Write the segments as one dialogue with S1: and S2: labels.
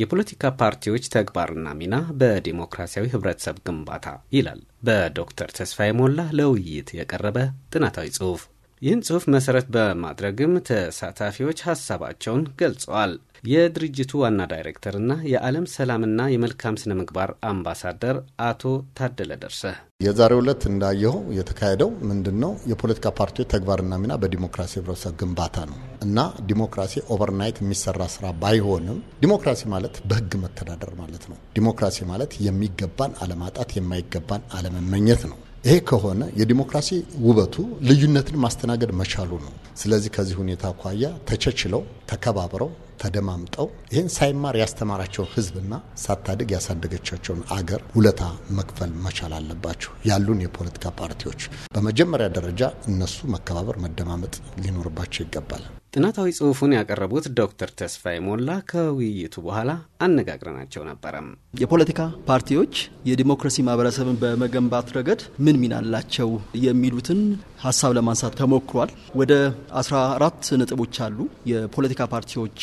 S1: የፖለቲካ ፓርቲዎች ተግባርና ሚና በዲሞክራሲያዊ ህብረተሰብ ግንባታ ይላል በዶክተር ተስፋዬ ሞላ ለውይይት የቀረበ ጥናታዊ ጽሑፍ። ይህን ጽሑፍ መሰረት በማድረግም ተሳታፊዎች ሀሳባቸውን ገልጸዋል። የድርጅቱ ዋና ዳይሬክተርና የዓለም ሰላምና የመልካም ስነ ምግባር አምባሳደር አቶ ታደለ ደርሰ
S2: የዛሬው ዕለት እንዳየው የተካሄደው ምንድን ነው? የፖለቲካ ፓርቲዎች ተግባርና ሚና በዲሞክራሲ ህብረተሰብ ግንባታ ነው እና ዲሞክራሲ ኦቨርናይት የሚሰራ ስራ ባይሆንም ዲሞክራሲ ማለት በህግ መተዳደር ማለት ነው። ዲሞክራሲ ማለት የሚገባን አለማጣት፣ የማይገባን አለመመኘት ነው። ይሄ ከሆነ የዲሞክራሲ ውበቱ ልዩነትን ማስተናገድ መቻሉ ነው። ስለዚህ ከዚህ ሁኔታ አኳያ ተቸችለው ተከባብረው ተደማምጠው ይህን ሳይማር ያስተማራቸውን ህዝብና ሳታድግ ያሳደገቻቸውን አገር ውለታ መክፈል መቻል አለባቸው ያሉን የፖለቲካ ፓርቲዎች። በመጀመሪያ ደረጃ እነሱ መከባበር፣ መደማመጥ ሊኖርባቸው ይገባል።
S1: ጥናታዊ ጽሑፉን ያቀረቡት ዶክተር ተስፋይ ሞላ ከውይይቱ በኋላ አነጋግረናቸው ነበረም።
S3: የፖለቲካ ፓርቲዎች የዲሞክራሲ ማህበረሰብን
S1: በመገንባት
S3: ረገድ ምን ሚና አላቸው የሚሉትን ሀሳብ ለማንሳት ተሞክሯል። ወደ 14 ነጥቦች አሉ የፖለቲካ ፓርቲዎች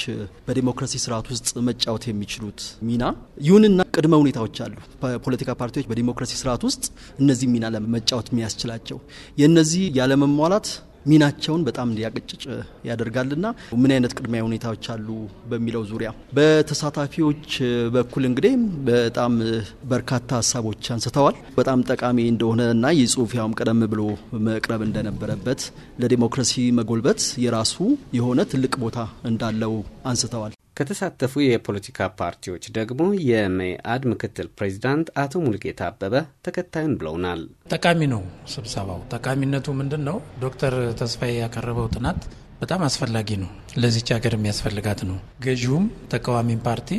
S3: በዲሞክራሲ ስርዓት ውስጥ መጫወት የሚችሉት ሚና። ይሁንና ቅድመ ሁኔታዎች አሉ ፖለቲካ ፓርቲዎች በዲሞክራሲ ስርዓት ውስጥ እነዚህ ሚና ለመጫወት የሚያስችላቸው የእነዚህ ያለመሟላት ሚናቸውን በጣም እንዲያቀጭጭ ያደርጋልና ምን አይነት ቅድሚያ ሁኔታዎች አሉ በሚለው ዙሪያ በተሳታፊዎች በኩል እንግዲህ በጣም በርካታ ሀሳቦች አንስተዋል። በጣም ጠቃሚ እንደሆነ እና ይህ ያውም ቀደም ብሎ መቅረብ እንደነበረበት ለዲሞክራሲ መጎልበት
S1: የራሱ የሆነ ትልቅ ቦታ እንዳለው አንስተዋል። ከተሳተፉ የፖለቲካ ፓርቲዎች ደግሞ የመኢአድ ምክትል ፕሬዚዳንት አቶ ሙልጌታ አበበ ተከታዩን ብለውናል።
S4: ጠቃሚ ነው ስብሰባው። ጠቃሚነቱ ምንድን ነው? ዶክተር ተስፋዬ ያቀረበው ጥናት በጣም አስፈላጊ ነው። ለዚች ሀገር የሚያስፈልጋት ነው። ገዢውም ተቃዋሚም ፓርቲ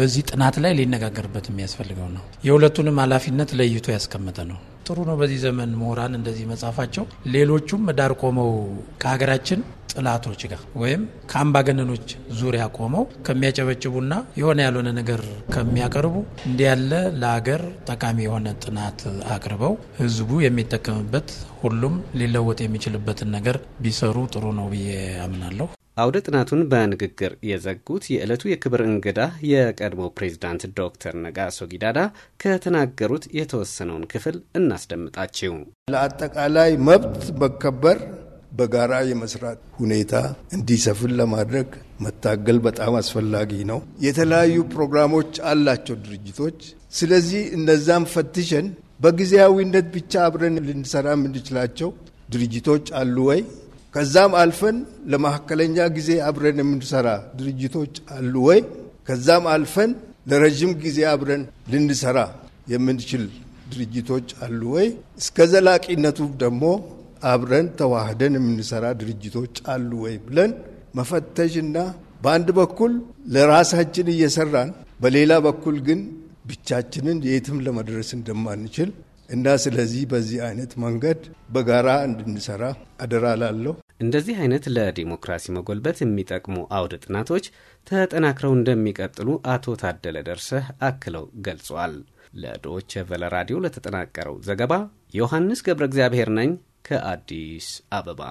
S4: በዚህ ጥናት ላይ ሊነጋገርበት የሚያስፈልገው ነው። የሁለቱንም ኃላፊነት ለይቶ ያስቀመጠ ነው። ጥሩ ነው። በዚህ ዘመን ምሁራን እንደዚህ መጻፋቸው ሌሎቹም ዳር ቆመው ከሀገራችን ጥላቶች ጋር ወይም ከአምባገነኖች ዙሪያ ቆመው ከሚያጨበጭቡና የሆነ ያልሆነ ነገር ከሚያቀርቡ እንዲ ያለ ለሀገር ጠቃሚ የሆነ ጥናት አቅርበው ህዝቡ የሚጠቀምበት ሁሉም ሊለወጥ የሚችልበትን ነገር ቢሰሩ ጥሩ ነው ብዬ አምናለሁ።
S1: አውደ ጥናቱን በንግግር የዘጉት የዕለቱ የክብር እንግዳ የቀድሞ ፕሬዝዳንት ዶክተር ነጋሶ ጊዳዳ ከተናገሩት የተወሰነውን ክፍል እናስደምጣችው።
S5: ለአጠቃላይ መብት መከበር በጋራ የመስራት ሁኔታ እንዲሰፍን ለማድረግ መታገል በጣም አስፈላጊ ነው። የተለያዩ ፕሮግራሞች አላቸው ድርጅቶች። ስለዚህ እነዛም ፈትሸን በጊዜያዊነት ብቻ አብረን ልንሰራ የምንችላቸው ድርጅቶች አሉ ወይ? ከዛም አልፈን ለመካከለኛ ጊዜ አብረን የምንሰራ ድርጅቶች አሉ ወይ? ከዛም አልፈን ለረዥም ጊዜ አብረን ልንሰራ የምንችል ድርጅቶች አሉ ወይ? እስከ ዘላቂነቱ ደግሞ አብረን ተዋህደን የምንሰራ ድርጅቶች አሉ ወይ ብለን መፈተሽና በአንድ በኩል ለራሳችን እየሰራን በሌላ በኩል ግን ብቻችንን የትም ለመድረስ እንደማንችል እና ስለዚህ በዚህ አይነት መንገድ በጋራ
S1: እንድንሰራ አደራ ላለሁ። እንደዚህ አይነት ለዲሞክራሲ መጎልበት የሚጠቅሙ አውደ ጥናቶች ተጠናክረው እንደሚቀጥሉ አቶ ታደለ ደርሰህ አክለው ገልጿል። ለዶይቼ ቨለ ራዲዮ ለተጠናቀረው ዘገባ ዮሐንስ ገብረ እግዚአብሔር ነኝ። ከአዲስ አበባ